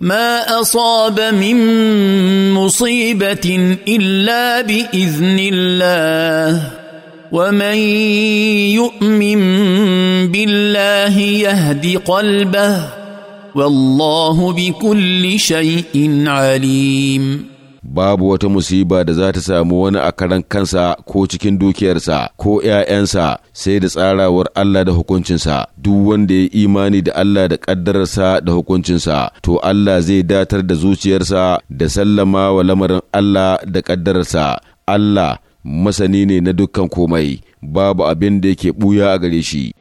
ما اصاب من مصيبه الا باذن الله ومن يؤمن بالله يهد قلبه والله بكل شيء عليم babu wata musiba da za ta samu wani a karan kansa ko cikin dukiyarsa ko ‘ya'yansa sai da tsarawar Allah da hukuncinsa, duk wanda ya imani da Allah da ƙaddararsa da hukuncinsa, to Allah zai datar da zuciyarsa da sallama wa lamarin Allah da ƙaddararsa. Allah masani ne na dukkan komai, babu abin da yake ɓuya a gare shi.